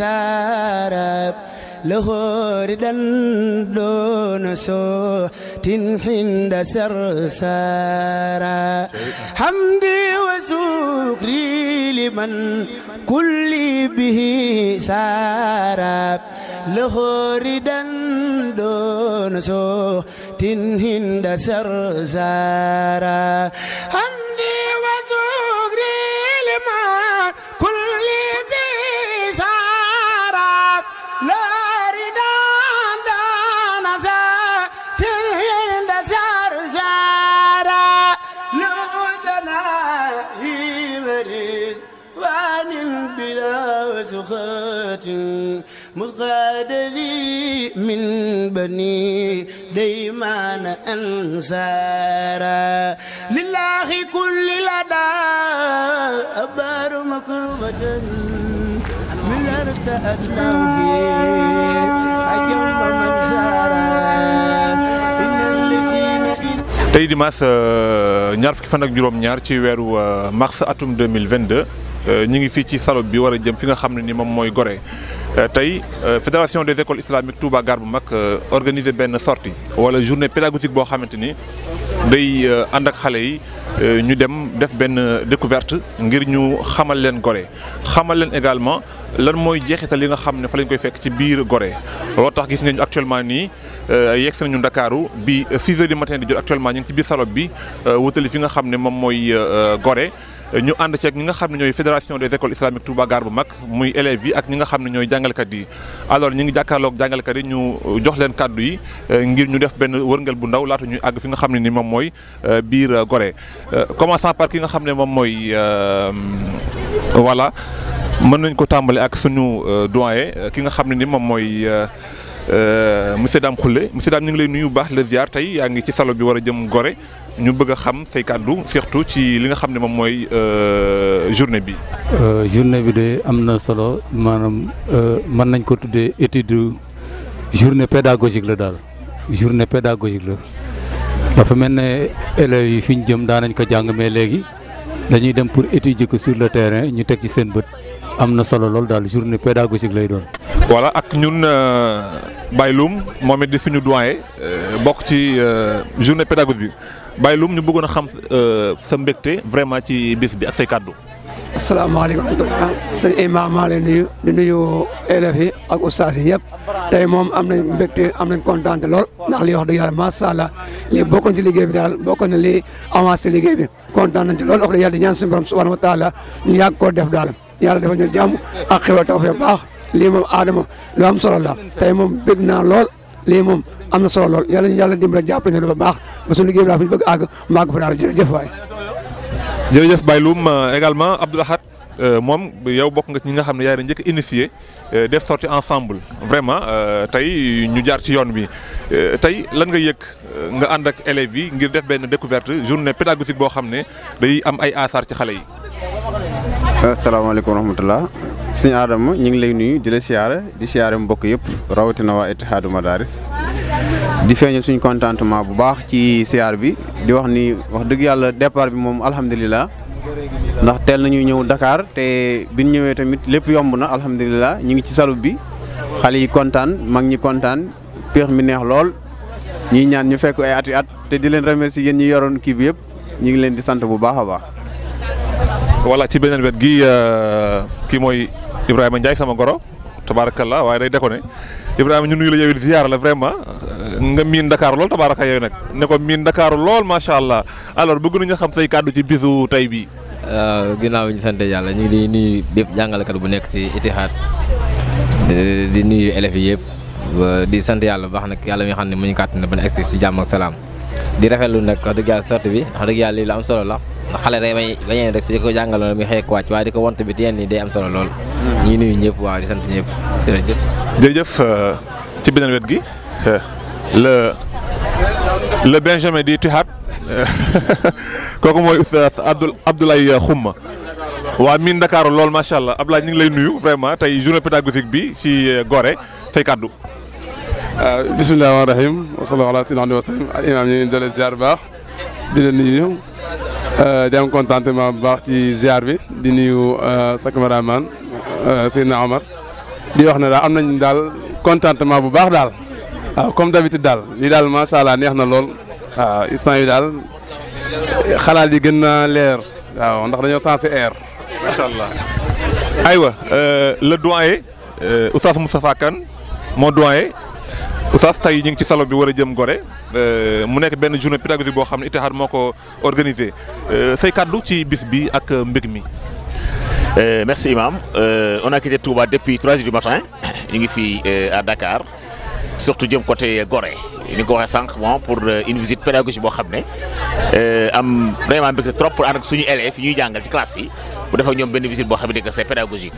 سارا لهور دن دون سو تنحند سرسارا حمدي وسكري لمن كل به سارا لهور دن دون سو تنحند سرسارا لغات مزاد لي من بني ديمان أنسارا لله كل لدى أبار مكربة ملرت أدنى فيه أجمع منسارا tey dimanche ñaar fukki fan ak juróom ñaar ci weeru mars atum 2022 Euh, ñu ngi fii ci salob bi war jëm fi nga xam ne ni moom mooy gore euh, tey euh, fédération des écoles islamiques Touba Gare bu mag organiser benn sortie wala journée pédagogique boo xamante ni day ànd ak xale yi ñu dem def benn découverte ngir ñu xamal leen gore xamal leen également lan mooy jeexital yi nga xam ne fa lañ koy fekk ci biir gore loo tax gis nañu actuellement nii yegg si nañu Ndakaaru bi 6 heures du matin di jot actuellement ñu ngi ci biir salob bi wutali fi nga xam ne moom mooy Gorée ñu ànd ceeg ñi nga xam ne ñooy fédération des écoles islamiques Touba Gare bu mag muy élèves yi ak ñi nga xam ne ñooy jàngalkat yi alors ñu ngi jàkkaarloog jàngalkat yi ñu jox leen kàddu yi euh, ngir ñu def benn wërngel bu ndaw laata ñuy àgg fi nga xam ne ni moom mooy euh, biir euh, gore commençant par ki nga xam ne moom mooy voilà mën nañ ko tàmbali ak suñu doyen ki nga xam ne ni moom mooy monsieur Dame Khoule monsieur Dame ñu ngi lay nuyu bu baax le ziar tey yaa ngi ci salo bi war jëm gore ñu bëgg a xam say kàddu surtout ci li nga xam ne moom mooy euh, journée bi. Euh, journée bi de am na solo maanaam euh, mën nañ ko tuddee étude journée pédagogique la daal journée pédagogique la dafa mel ne élèves yi fi ñu jëm daan nañ ko jàng mais léegi dañuy dem pour étudier ko sur le terrain ñu teg ci seen bët am na solo lool daal journée pédagogique lay doon. wala ak ñun Baye Loum moom it di suñu doyen bokk ci journée pédagogique bi. Baye Loum ñu bëggoon a xam euh, sa mbégte vraiment ci bis bi ak say kàddu. asalaamaaleykum rahmatulah sëñ Imaam maa leen nuyu di nuyu élèves yi ak ustaas yi yëpp tey moom am nañ mbégte am nañ kontaan lool ndax li wax dëgg yàlla macha allah lii bokkoon ci liggéey bi daal bokkoon na lii avancé liggéey bi kontaan nañ ci lool wax dëgg yàlla di ñaan suñu borom subhanahu wa taala ñu yàgg koo def daal yàlla dafa ñu jàmm ak xéwal taw fee baax lii moom aadama lu am solo la tey moom bég naa lool lii moom. am na solo lool yàlla ñu yàlla dimbale jàppale ñu ne ba baax ba suñu liggéey bi daal fi ñu bëgg àgg mu jërëjëf waay. jërëjëf Baye Loum euh, également Abdou euh, moom yow bokk nga ñi nga xam ne yaay na njëkk unifié euh, def sorti ensemble vraiment tey ñu jaar ci yoon bi tey lan nga yëg nga ànd ak élèves yi ngir def benn découverte journée pédagogique boo xam ne day am ay asaar ci xale yi. asalaamaaleykum wa rahmatulah sëñ Adama ñu ngi lay nuyu di la siyaara di siyaare mbokk yëpp rawatina waa Ittihaadu Madaris di feeñe suñ contentement bu baax ci siyaar bi di wax ni wax dëgg yàlla départ bi moom alhamdulillah ndax teel nañu ñëw Dakar te bi ñu ñëwee tamit lépp yomb na alhamdulillah ñu ngi ci salub bi xale yi kontaan mag ñi kontaan péex mi neex lool ñuy ñaan ñu fekk ay at i at te di leen remercier yéen ñi yoroon kii bi yëpp ñu ngi leen di sant bu baax a baax. voilà ci beneen wet gi euh, kii mooy Ibrahima Ndiaye sama goro tabaarakallaa waaye day déconné Ibrahima ñu nuyu la yow it ziar la vraiment euh, nga miin Dakar lool tabaaraka yooyu nag ne ko miin Dakar lool macha allah alors bëgg nañu xam say kàddu ci bisu tey bii. Euh, ginnaaw ñu sant yàlla ñu di nuyu bépp jàngalekat bu nekk ci Itihad di nuyu élèves yi yëpp di sant yàlla baax nag yàlla mi xam ne mu ñu kàttan ba ñu agsi ci jàmm ak salaam. di rafetlu nag wax dëgg yàlla sorte bi wax dëgg yàlla lii lu am solo la xale day bañ bañeen rek si ko jàngaloon muy xëy ko wàcc waaye di ko wont bi di yenn nii day am solo lool hmm. ñuy nuyu ñëpp waaw di sant ñëpp jërëjëf jërëjëf euh, ci beneen wet gi euh, le le benjamin di tihaat kooku mooy oustaz Abdoul Abdoulaye waa miin Dakar lool macha allah Abdoulaye ñu ngi lay nuyu vraiment tey journée pédagogique bi ci euh, Gorée fay kaddu Euh, bisimilah rahmaani rahiim wa sallallahu ala sayyidina wa sallam al imaam ñu ngi doole ziar bu baax di leen nuyu euh, di am contentement bu baax ci ziar bi di nuyu euh, sa cameraman Seydina Omar di wax ne daal am nañ daal contentement bu baax daal waaw comme d'habitude daal lii daal macha allah neex na lool waaw instant yi daal xalaat yi gën na leer waaw ndax dañoo sensé air macha allah. aywa le doyen Oustaz Moustapha Kane moo doyen. Oustaz tey ñu ngi ci salon bi war a jëm Gorée euh, mu nekk benn journée pédagogique boo xam ne Ittihad moo ko organisé euh, say kàddu ci bis bi ak mbég mi. Euh, merci Imam euh, on a quitté Touba depuis 3 heures du matin ñu ngi fii à Dakar surtout jëm côté Gorée ni ko waxee sànq bon pour une visite boo xam ne am vraiment mbégte trop pour ak suñu élèves yi ñuy jàngal ci classe yi. bu defee ñoom benn visite boo xam ne que c'est pédagogique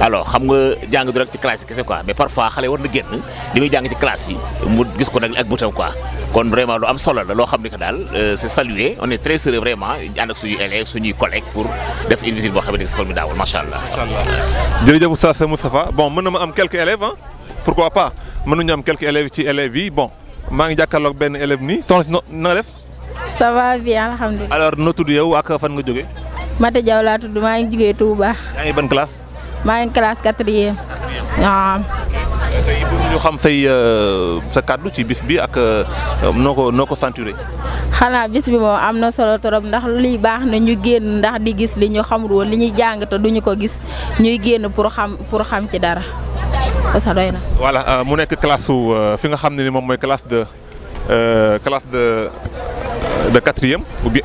alors xam nga jàng du rek ci classe yi kese quoi mais parfois xale war na génn li muy jàng ci classe yi mu gis ko nag ak bëtam quoi kon vraiment lu am solo la loo xam ne que daal euh, c'est salué on est très heureux vraiment ànd ak suñuy élèves suñuy collègues pour def une visite boo xam ne que c'est formidable macha allah. macha allah jërëjëf Oustaz na ma am quelques élèves ah pourquoi pas na nañu am quelques élèves ci élève yi bon maa ngi jàkkaarloog benn élève nii soxna si na nga def. ça va bien yow ak fan nga jógee. Mate Diaw laa maa ngi jugee bu baax ngi ban maa ngi classe quatrième. waaw. tey bëgg xam say euh, sa kàddu ci bis bi ak euh, noo ko noo ko centuré. xanaa bis bi moom am na solo trop ndax liy baax na ñu génn ndax di gis li ñu xamul woon li ñuy jàng te duñu ko gis ñuy génn pour xam pour xam ci dara sax doy na. voilà euh, mu nekk classe su fi nga xam ne ni moom mooy classe de classe de de quatrième ou bien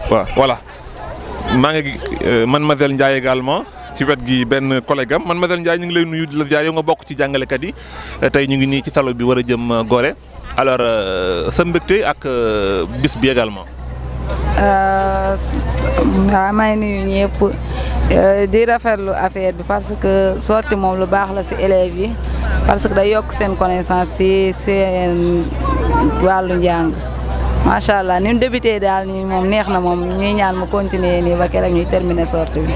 maa ngi euh, mademoiselle Ndiaye également ci wet gi benn collègue am mademoiselle Ndiaye ñu ngi lay nuyu di la jaay yow nga bokk ci jàngalekat yi euh, tey ñu ngi nii ci salo bi war a jëm euh, gore alors sa mbégte ak bis bi également. waaw may nuyu ñëpp di rafetlu affaire bi parce que sorti moom lu baax la si élèves yi parce que day yokk seen connaissance ci seen wàllu njàng. macha allah ni mu débuté daal moom neex na moom ñuy ñaan mu continuer nii ba keroog ñuy terminer sortie bi.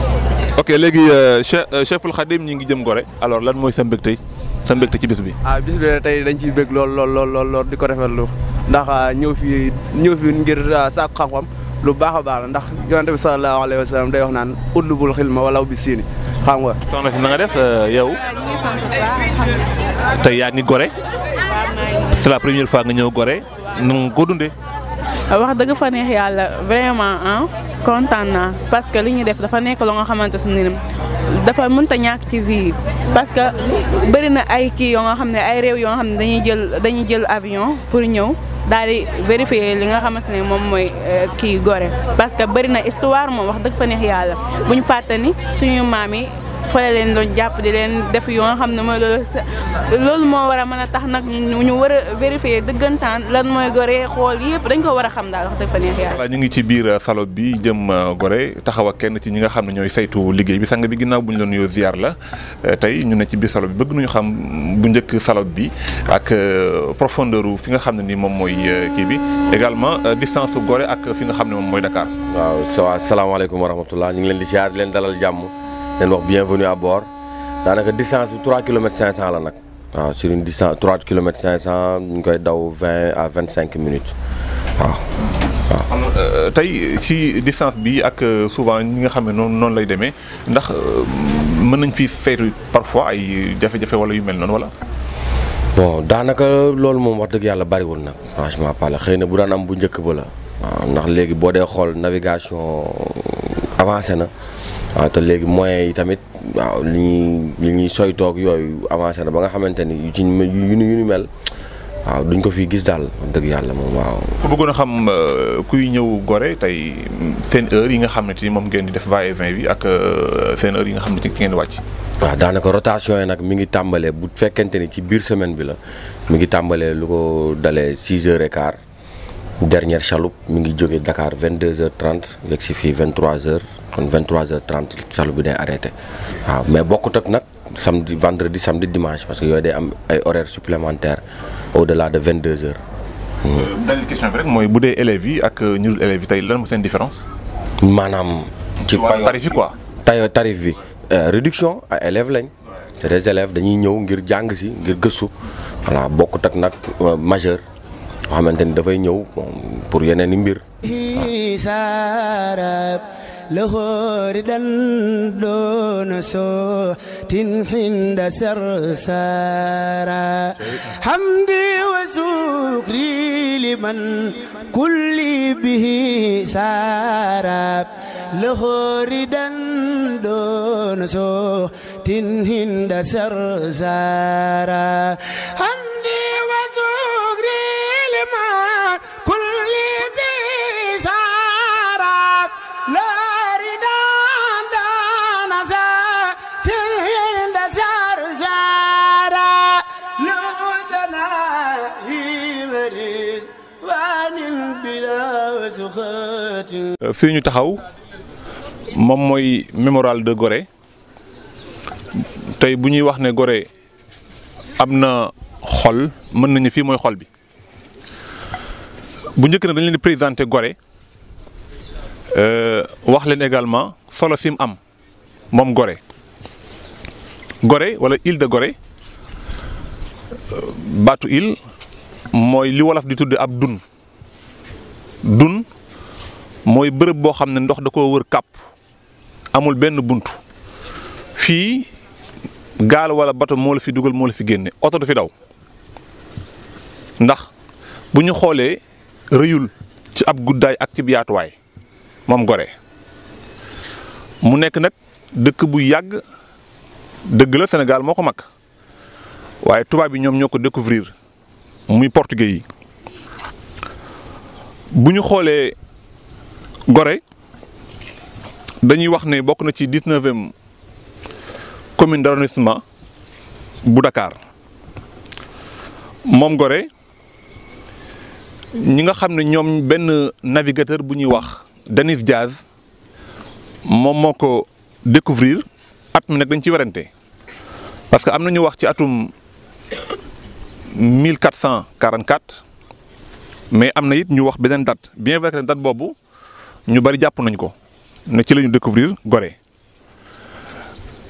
ok léegi euh, euh, Cheikhul Khadim ñi ngi jëm Gorée alors lan mooy sa mbégte sa mbégte ci bis bi. ah bis tey dañ ciy bég lool lool lool di ko rafetlu ndax ah, ñëw fii ñëw fii ngir ah, sàkku xam-xam. lu baax a baax la ndax yonent bi salallaahu alayhi wa sallam day wax naan utlubul xilma walaw bi siini xam nga. soxna si na nga def euh, yow. tey yaa ngi Gorée. c'est la première ñëw Gorée. nu ko wax dëgg fa neex yàlla vraiment am kontaan naa parce que li ñu def dafa nekk lu nga xamante ne dafa mënta ñàkk ci vie parce que bëri na ay kii yoo nga xam ne ay réew yoo nga xam ne dañuy jël dañuy jël avion pour ñëw daal di vérifier li nga xamante ne moom mooy euh, kii gore parce que bëri na histoire moom wax dëgg fa neex yàlla bu fàtte ni suñu maam yi fële leen doon jàpp di leen def yoo xam ne mooy loolu loolu moo war mën a tax nag ñu war vérifier dëggantaan lan mooy Gorée xool yëpp dañ ko war a xam daal wax fa neex yàlla. ñu ngi ci biir salo euh, bi jëm euh, Gorée taxaw kenn ci ñi nga xam ne ñooy saytu liggéey bi sang bi ginnaaw bu ñu loon nuyoo ziar la euh, tey ñu ne ci biir salo bi bëgg nañu xam bu njëkk salo bi ak profondeur fi nga xam ne ni moom mooy kii bi également distance su ak fi nga xam ne moom mooy Dakar. waaw salaamaaleykum wa rahmatulah ñu ngi leen di ziar leen dalal jàmm leen wax bienvenue à bord daanaka distance bi 3 kilomètres 500 la nag waaw sur une distance 3 kilomètres 500 ñu ngi koy daw 20 à 25 minutes waaw. waaw euh, euh, tey ci distance bi ak euh, souvent ñi nga xam ne noonu noonu lay demee ndax mën nañ fi faytu parfois ay jafe-jafe wala yu mel noonu wala. bon daanaka loolu moom wax dëgg yàlla bariwul nag franchement parle xëy na bu daan am bu njëkk ba la waaw ndax léegi boo dee xool navigation avancé na. waaw te léegi moyens yi tamit waaw li ñuy li ñuy soytoog yooyu avancé na ba nga xamante ni yu ci yu ni yu ni mel waaw duñ ko fi gis daal dëgg yàlla moom waaw. ku bëggoon a xam euh, kuy ñëw gore tey seen heure yi nga xam ni ci moom ngeen di def va et vient bi ak fen euh, heure yi nga xam ne ci ngeen di wàcc. waaw daanaka rotation yi nag mi ngi tàmbalee bu fekkente ni ci biir semaine bi la mi ngi tàmbalee lu ko dalee 6 heures et quart dernière chaloupe mi ngi jóge Dakar 22h30 yegg si fii 23h kon 23h30 chaloupe bi day arrêté waaw mais bokkut ak nag samedi vendredi samedi dimanche parce que yooyu de am ay horaires supplémentaires au delà de 22h. Hmm. Euh, benn question bi mooy bu dee élèves yi ak euh, ñu dul élèves yi tey lan mooy seen différence. maanaam. ci wàllu tarif yi quoi tarif bi euh, réduction ay élèves lañ. les élèves dañuy ñëw ngir jàng si ngir gëstu voilà bokkut ak nag majeur. boo xamante ni dafay ñëw pour yeneen i mbir. لهور دون سو تنحند سرسارا حمدي وسكري لمن كل به سارا لهور دون سو تنحند سرسارا حمدي Euh, fii ñu taxaw moom mooy mémoral de gore tey bu ñuy wax ne gore am na xol mën nañu fii mooy xol bi bu njëkk na dañ leen di présenter Gorée euh, wax leen également solo si mu am moom gore gore wala île de Gorée euh, baatu île mooy li wolof di tudde ab dun dun mooy bërëb boo xam ne ndox da koo wër kàpp amul benn bunt fii gaal wala bato moo la fi dugal moo la fi génne oto du fi daw ndax bu ñu xoolee rëyul ci ab guddaay ak ci yaatuwaay moom Gorée mu nekk nag dëkk bu yàgg dëgg la senegal moo ko mag waaye tubaab yi ñoom ñoo ko découvrir muy portugais yi bu ñu xoolee gore dañuy wax ni bokk na ci dix-neuvième commune d'arrondissement bu Dakar moom gore ñi nga xam ne ñoom benn navigateur bu ñuy wax Denis Diaz moom moo ko découvrir at mi nag dañ ci werante parce que am na ñu wax ci atum 1444 mais am na it ñu wax beneen date bien vrai que boobu. ñu bari jàpp nañ ko ne ci la ñu gore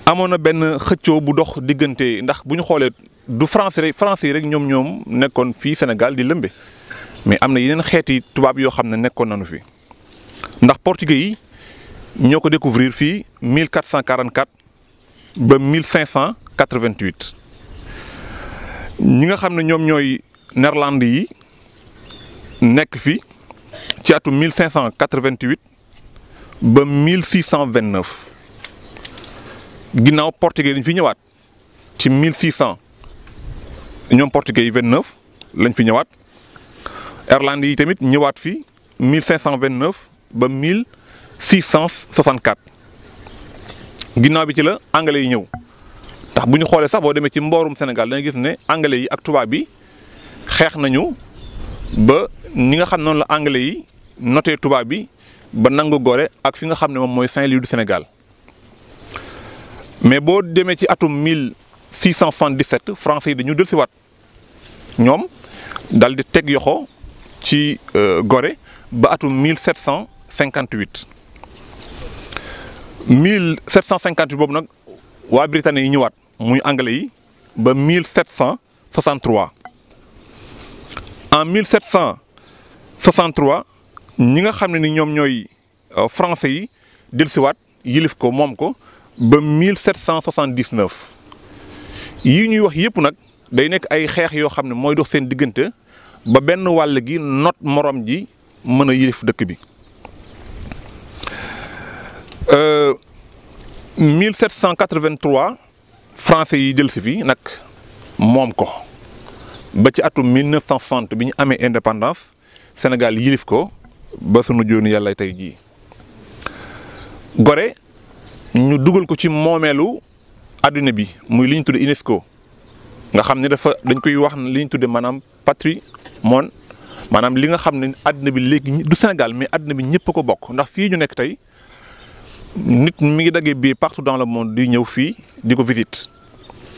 amoon na benn xëccoo bu dox diggante ndax bu ñu xoolee du français rek français yi rek ñoom ñoom nekkoon fii Sénégal di lëmbe mais am na yeneen xeeti tubaab yoo xam ne nekkoon nañu fi ndax portugais yi ñoo ko découvrir fii 1444 ba 1588 ñi nga xam ne ñoom ñooy néerlandais yi nekk fii ci atum 1588 ba 1629 ginnaaw portugais dañ fi ñëwaat ci 1600 ñoom portugais yi 29 lañ fi ñëwaat irlandais yi tamit ñëwaat fi 1529 ba 1664 ginnaaw bi ci la anglais yi ñëw ndax bu ñu xoolee sax boo demee ci mboorum Sénégal da gis ne anglais yi ak tubaab bi xeex nañu ba. ni nga xam noonu la anglais yi notee tubaab bi ba nangu Gorée ak fi nga xam ne moom mooy Saint-Louis du Sénégal mais boo demee ci atum 1677 français yi dañu dël si waat ñoom dal di teg yoxo ci euh, gore ba atum 1758 1758 boobu nag waa Britanniques yi ñëwaat muy anglais yi ba 1763 en 1700 63 ñi nga xam ne ni ñoom ñooy euh, français yi dellusiwaat yilif ko moom ko ba 1779 yii ñuy wax yëpp nag day nekk ay xeex yoo xam ne mooy dox seen diggante ba benn wàll gi not moroom ji mën a yilif dëkk bi. 1783 euh, français yi dellusi fi nag moom ko ba ci atum 1960 bi ñu amee indépendance. Sénégal yilif ko ba sunu jooni yàlla tey jii gore ñu dugal ko ci moomeelu adduna bi muy li ñu tudde UNESCO nga xam ne dafa dañ koy wax li ñu tudde maanaam patrimoine maanaam li nga xam ne adduna bi léegi du Sénégal mais adduna bi ñëpp ko bokk ndax fii ñu nekk tey nit mi ngi daggee bii partout dans le monde di ñëw fii di ko visite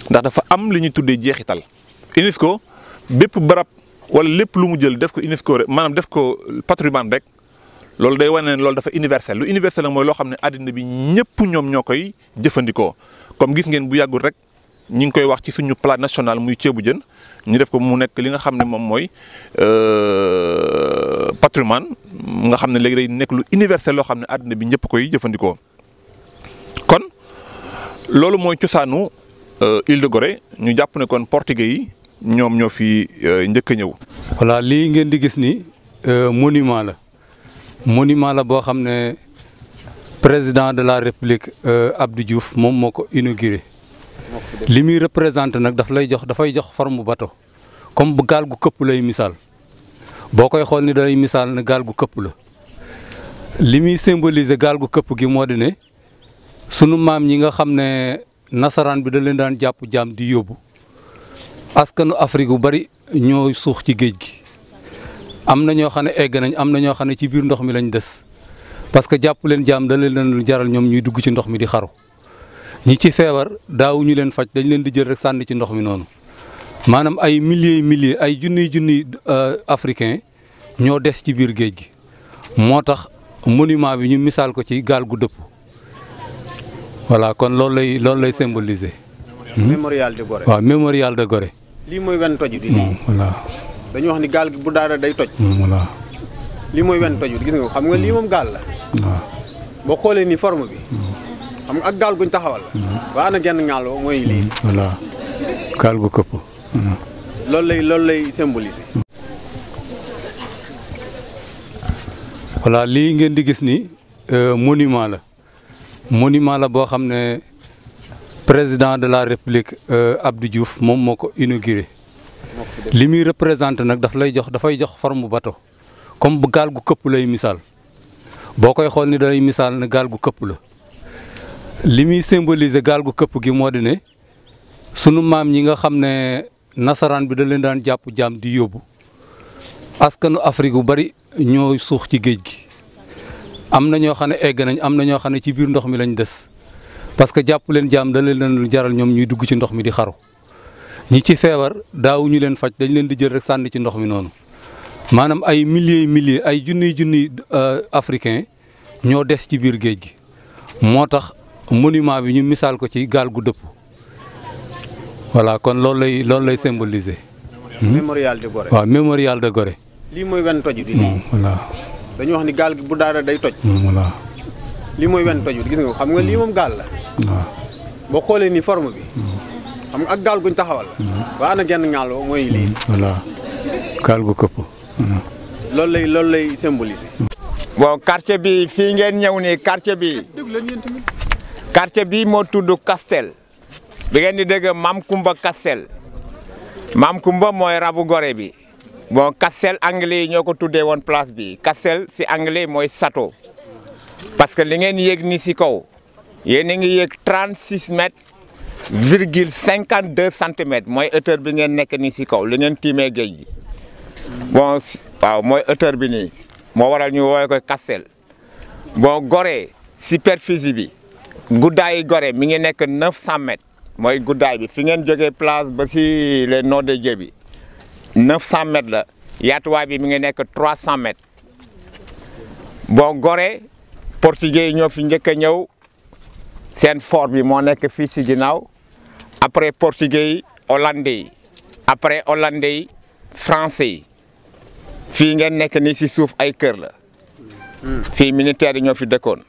ndax dafa am li ñuy tuddee jeexital UNESCO bépp barab wala lépp lu mu jël def ko UNESCO maanaam def ko patrimoine rek loolu day wane ne loolu dafa universel lu universel nag mooy loo xam ne àddina bi ñëpp ñoom ñoo koy jëfandikoo comme gis ngeen bu yàggul rek ñi ngi koy wax ci suñu plat national muy ceebu jën ñu def ko mu nekk li nga xam ne moom mooy euh, patrimoine nga xam ne léegi day nekk lu universel loo xam ne àddina bi ñëpp koy jëfandikoo kon loolu mooy cosaanu euh, Île de Gorée ñu jàpp ne kon portugais yi. ñoom ñoo fi euh, njëkk a ñëw. voilà lii ngeen di gis ni euh, monument la monument la boo xam ne président de la république euh, abdu Diouf moom moo ko inauguré li muy représenté nag daf lay jox dafay jox forme bateau comme bu gaal gu këpp lay misaal boo koy xool ni day misaal ne gaal gu këpp la li muy symboliser gaal gu këpp gi moo di ne sunu maam ñi nga xam ne nasaraan bi da leen daan jàpp jaam di yóbbu. askanu Afrique bu bari ñoo suux ci géej gi am na ñoo xam ne egg nañ am na ñoo xam ne ci biir ndox mi lañ des parce que jàpp leen jaam da leen lu jaral ñoom ñuy dugg ci ndox mi di xaru ñi ci feebar daawuñu leen faj dañ leen di jël rek sànni ci ndox mi noonu maanaam ay milliers milliers ay junniy junniy euh, africain ñoo des ci biir géej gi moo tax monument bi ñu misaal ko ci gaal gu dëpp voilà kon loolu lay loolu lay symboliser. mémorial de Gorée hmm? waaw mémorial de gore lii mooy wenn toju di wax ni gaal gi bu daara day toj lii mooy wenn toju gis nga xam nga lii moom gaal la waaw boo xoolee nii forme bi xam nga ak gaal guñ taxawal mm-hmm. waa na genn gaal mooy lii mm-hmm. voilà gaal gu këpp mm-hmm. loolu lay loolu lay symboliser voilà lii ngeen di gis nii euh, monument la monument la boo xam ne président de la république euh, Abdou Diouf moom moo ko inauguré li muy représenté nag daf lay jox dafay jox forme bateau comme bu gaal gu këpp lay misaal boo koy xool ni day misaal ne gaal gu këpp la li muy symboliser gaal gu këpp gi moo di ne sunu maam ñi nga xam ne nasaraan bi da leen daan jàpp jaam di yóbbu askanu Afrique bu bari ñoo suux ci géej gi am na ñoo xam ne egg nañ am na ñoo xam ne ci biir ndox mi lañ des parce que jàpp leen jaam dañ leen jaral ñoom ñuy dugg ci ndox mi di xaru ñi ci feebar daawuñu leen faj dañ leen di jël rek sànni ci ndox mi noonu maanaam ay milliers milliers ay junniy junni euh, africain ñoo des ci biir géej gi moo tax monument bi ñu misaal ko ci gaal gu dëpp voilà kon loolu lay loolu lay symboliser. Hmm? mémorial de Gorée waa mémorial de gore lii mooy wenn toj bi. Hmm, voilà dañu wax ni gaal gi bu daa day toj. Hmm, lii mooy wenn tojut gis nga xam nga lii moom gaal la boo xoolee ni forme bi xam nga ak gaal guñ taxawal waa mm-hmm. gen genn gaal mooy lii mm-hmm. voilà gaal gu këpp mm-hmm. loolu lay loolu lay symboliser bi fii ngeen ñëw nii quartier bi quartier bi moo tudd kastel bi ngeen di dégg Mam Kumba Castel Mam Kumba mooy rabu gore bi bon kastel anglais yi ñoo ko tuddee woon place bi Castel si anglais mooy sato parce que li ngeen yéeg ni si kaw yéen a ngi yéeg trente six mètres virgule cinquante deux centimètres mooy hauteur bi ngeen nekk ni si kaw li ngeen tiimee géej gi bon waaw mooy hauteur bi nii moo waral ñu woowee ko Castel bon Gorée superficie bi guddaayi Gorée mi ngi nekk neuf cent mètres mooy guddaay bi fi ngeen jógee place ba si les noms de Dieu bi neuf cent mètres la yaatuwaay bi mi ngi nekk trois cent mètres bon Gorée portugais yi ñoo fi njëkk a ñëw seen fort bi moo nekk fii si ginnaaw après portugais yi hollandais yi après hollandais yi français yi fii ngeen nekk nii si suuf ay kër la fii militaires yi ñoo fi dëkkoon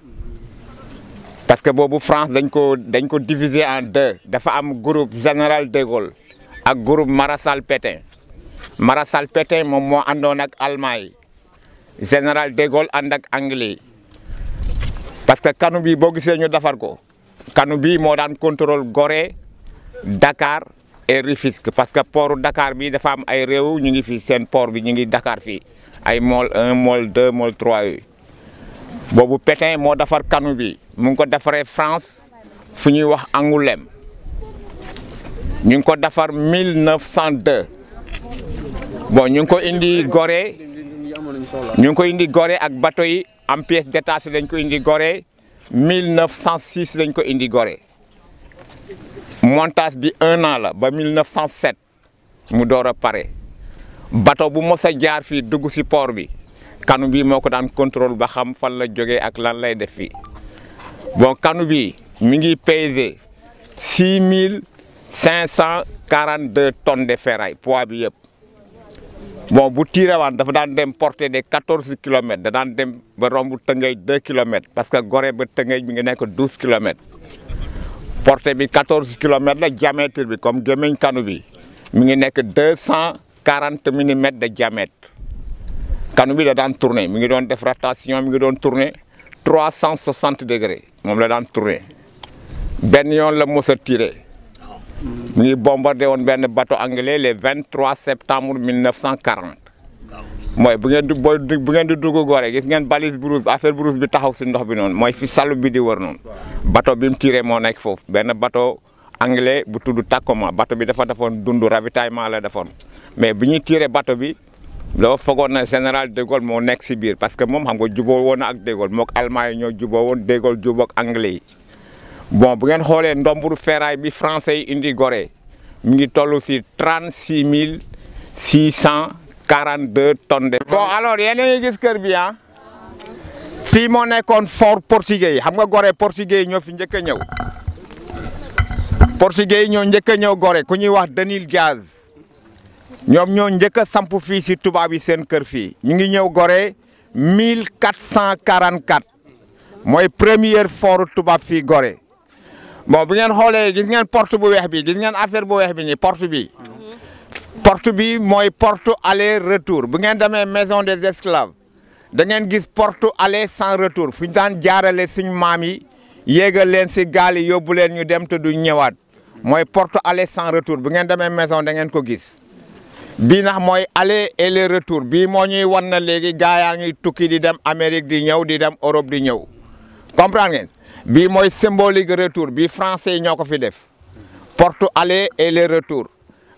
parce que boobu France dañ ko dañ ko diviser en deux dafa am groupe général de Gaulle ak groupe maréchal Pétain maréchal Pétain moom moo àndoon ak yi général de Gaulle ànd ak anglais parce que kanu bi boo gisee ñu defar ko kanu bi moo daan contrôle gore Dakar et Rufisque parce que portu Dakar bi dafa am ay réew ñu ngi fi seen por bi ñu ngi Dakar fii ay mol un mool deux mool trois yooyu boobu Pétain moo defar kanu bi mu ngi ko defaree France fu ñuy wax Angoulême ñu ngi ko defar mille neuf cent ñu ngi ko indi Gorée ñu ngi ko indi gore ak bateau am pièce détachée dañ ko indi gore mille Gorée 1906 dañ ko indi gore montage bi un an la ba mille 1907 mu door a pare bateau bu mos a jaar fi dugg si port bi kanu bi moo ko daan contrôle ba xam fan la jógee ak lan lay def fii bon kanu bi mi ngi pesé six mille cinq cent quarante deux tonnes de ferraille poids bi yëpp. bon bu tiirawaan dafa daan dem porté des quatorze kilomètres da daan dem ba romb Tëngéej deux kilomètres parce que Gorée ba Tëngéej mi ngi nekk douze kilomètres porté bi quatorze kilomètres la diamètre bi comme gémmiñ kanu bi mi ngi nekk deux cent quarante millimètres de diamètre kanu bi da daan tourné mi ngi doon def rotation mi ngi doon tourné trois cent soixante degrés moom la daan tourné benn yoon la mos a tiré mu ngi de woon benn bateau anglais le 23 septembre 1940 mooy bu ngeen di booy bu ngeen di dugg Gorée gis ngeen balise brousse affaire brousse bi taxaw si ndox bi noonu mooy fi salu bi di wër noonu bato bi mu tiré moo nekk foofu benn bato anglais bu tudd Tacoma bato bi dafa defoon dund ravitaillement la defoon mais bu ñuy tiré bato bi loo foogoon na général de Gaulle moo nekk si biir parce que moom xam nga juboo woon ak de Gaulle mook Allemagne ñoo juboo woon de Gaulle juboo anglais yi. bon bu ngeen xoolee ndomburu ferraille bi français yi indi gore mu ngi toll si trente six mille six cent quarante deux tonnes de. bon alors yéen gis kër bi ah fii moo nekkoon fort portugais xam ga gore portugais yi ñoo fi njëkk a ñëw portugais yi ñoo njëkk a ñëw Gorée ku ñuy wax Danil Dias ñoom ñoo njëkk a samp fii si tubaab yi seen kër fii ñu ngi ñëw gore mille quatre cent quarante quatre mooy première fort tubaab fii gore bon bu ngeen xoolee gis ngeen porte bu weex bi gis ngeen affaire bu weex bi nii porte bi porte bi mooy porte aller retour bu ngeen demee maison des esclaves da ngeen gis porte aller sans retour fu ñu daan jaarale suñu maam yi yéegal leen si gaal yi yóbbu leen ñu dem te du ñëwaat mooy porte aller sans retour bu ngeen demee maison da ngeen ko gis bii nag mooy aller et retour bii moo ñuy wan na léegi gaa yaa ngi tukki di dem Amérique di ñëw di dem Europe di ñëw comprendre ngeen bii mooy symbolique retour bi français yi ñoo ko fi def porte aller et les retours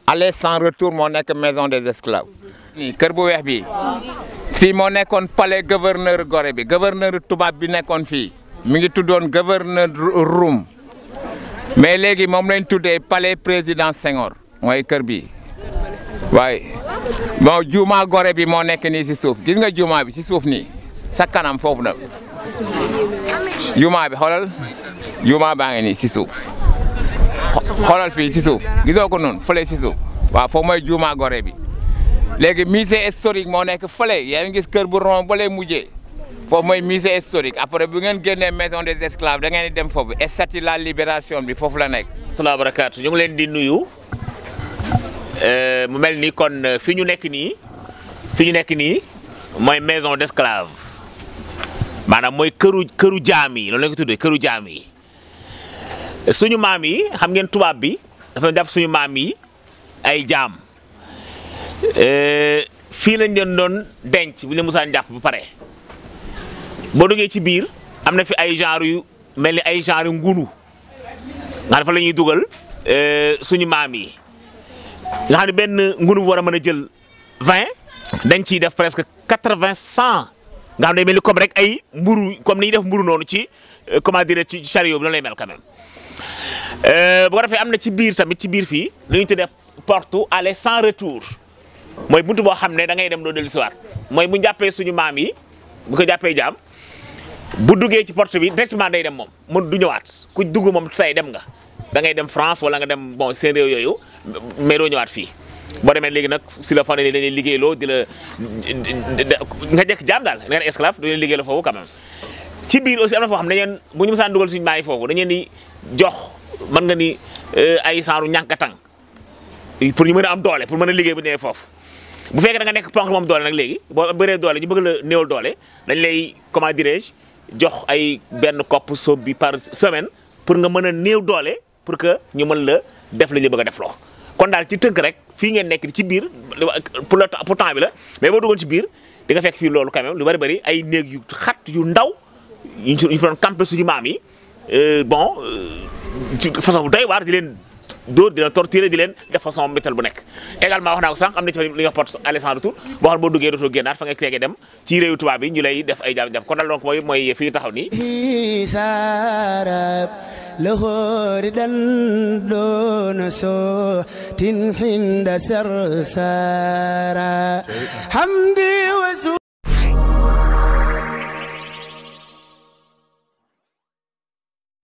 aller sans retour moo nekk maison des esclaves. kër bu weex bi fii moo nekkoon palais gouverneur gore bi gouverneur tubaab bi nekkoon fii mi ngi tuddoon gouverneur Roum mais léegi moom lañ tuddee palais président Senghor mooy kër bi waaye moo juuma gore bi moo nekk nii si suuf gis nga juuma bi si suuf ni sa kanam foofu na. jumaa bi xoolal jumaa baa ngi ni si suuf xoolal fii si suuf gisoo ko noonu fële si suuf waaw foofu mooy jumaa Gorée bi léegi musée historique moo nekk fële yaa ngi gis kër bu ron ba lay mujjee mooy musée historique après bi ngeen génnee maison des esclaves da ngeen di dem foofu statue la libération bi foofu la nekk. asalaamaaleykum barakaatu ñu ngi leen di nuyu euh, mu mel ni kon euh, fi ñu nekk nii fi ñu nekk nii mooy maison d'esclave maanaam mooy këru këru jaam yi loolu la tuddee këru jaam yi suñu maam yi xam ngeen tubaab bi dafa jàpp suñu maam yi ay jaam fii lañ leen doon denc bu ñu musaan jàpp bu pare boo duggee ci biir am na fi ay genre yu mel ni ay genre yu ngunu nga xam ne fa la ñuy dugal suñu maam yi nga xam ne benn ngunu bu war a mën a jël vingt dañ ciy def presque quatre-vingt cent nga xam ne mel ni comme rek ay mburu comme ni def mburu noonu ci euh, comment dire ci chariot bi noonu lay mel quand même euh, bu ko am na ci biir tamit ci biir fii lu ñu tuddee porte aller sans retour mooy buntu boo xam ne da ngay dem doo dellu siwaat mooy bu jàppee suñu maam yi bu ko jàppee jaam bu duggee ci porte bi directement day dem moom mu du ñëwaat ku dugg moom say dem nga da ngay dem France wala nga dem bon seen yooyu mais doo ñëwaat fii. boo demee léegi nag si la fan yi dañuy liggéeyloo di la nga nekk jaam daal nga ne esclave du leen liggéeyloo foofu quand même ci biir aussi am na foo xam ne dañeen bu ñu mësaan dugal suñu may foofu dañeen di jox man nga ni euh, ay saaru ñànkatang pour ñu mën a am doole pour mën a liggéey bu ñu nee foofu bu fekkee da nga nekk ponk moom doole nag léegi boo bëree doole ñu bëgg la néewal doole dañ lay comment dirais jox ay benn kopp somme bi par semaine pour nga mën a néew doole pour que ñu mën la def la ñu bëgg def loo kon daal ci tënk rek fii ngeen nekk ci biir pour le pour temps bi la mais boo duggoon ci biir di nga fekk fii loolu quand lu bari bari ay néeg yu xat yu ndaw ñu fi doon campé suñu maam yi euh, bon euh, ci façon bu doy waar di leen. dóor di la torturer def façon métal bu nekk également wax naa ko sànq am na ci li ñuy wax porte à l'essence retour boo xam boo duggee dootoo génnaat fa nga teegee dem ci réewu tubaab bi ñu lay def ay jaam-jaam kon daal donc mooy mooy fi ñu taxaw nii sarab lahoori dan doona soo tin hinda sar